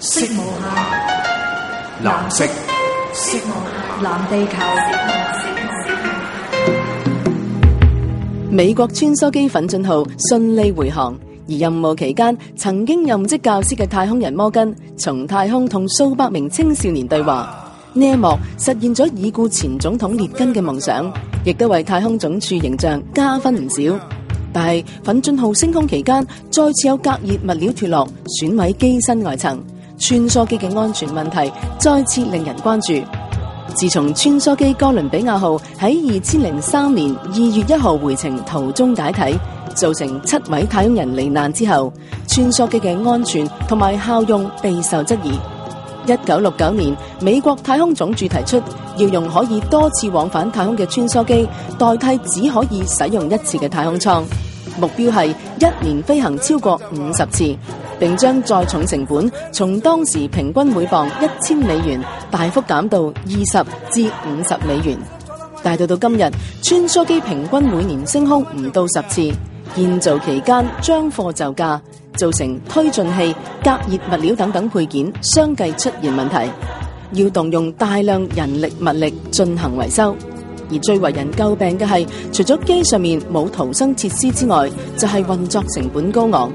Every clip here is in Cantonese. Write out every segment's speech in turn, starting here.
色無下，藍色。色無暇，藍地球。美國穿梭機奮進號順利回航，而任務期間，曾經任職教師嘅太空人摩根從太空同數百名青少年對話，呢、啊、一幕實現咗已故前總統列根嘅夢想，亦都為太空總署形象加分唔少。但係奮進號升空期間，再次有隔熱物料脱落，損毀機身外層。穿梭機嘅安全問題再次令人關注。自從穿梭機哥倫比亞號喺二千零三年二月一號回程途中解體，造成七位太空人罹難之後，穿梭機嘅安全同埋效用備受質疑。一九六九年，美國太空總署提出要用可以多次往返太空嘅穿梭機代替只可以使用一次嘅太空艙。目標係一年飛行超過五十次，並將載重成本，從當時平均每磅一千美元大幅減到二十至五十美元。但到到今日，穿梭機平均每年升空唔到十次。建造期間將貨就價，造成推進器、隔熱物料等等配件相繼出現問題，要動用大量人力物力進行維修。而最為人詬病嘅係，除咗機上面冇逃生設施之外，就係、是、運作成本高昂。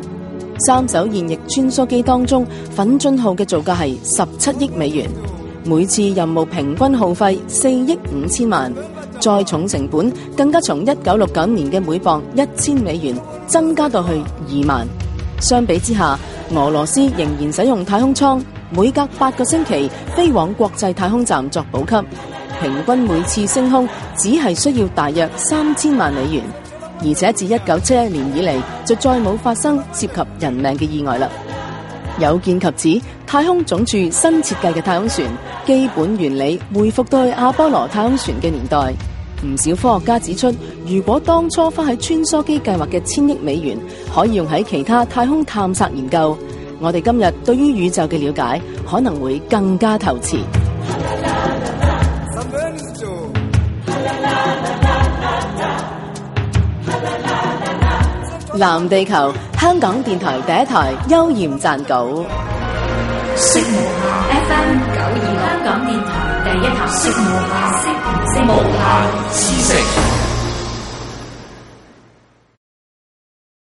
三艘現役穿梭機當中，奮進號嘅造價係十七億美元，每次任務平均耗費四億五千萬，載重成本更加從一九六九年嘅每磅一千美元增加到去二萬。相比之下，俄羅斯仍然使用太空艙，每隔八個星期飛往國際太空站作補給。平均每次升空只係需要大約三千萬美元，而且自一九七一年以嚟就再冇發生涉及人命嘅意外啦。有見及此，太空總署新設計嘅太空船基本原理回復到阿波羅太空船嘅年代。唔少科學家指出，如果當初花喺穿梭機計劃嘅千億美元可以用喺其他太空探索研究，我哋今日對於宇宙嘅了解可能會更加透徹。藍地球，香港電台第一台，邱焱撰稿。FM 九二六，香港電台第一台，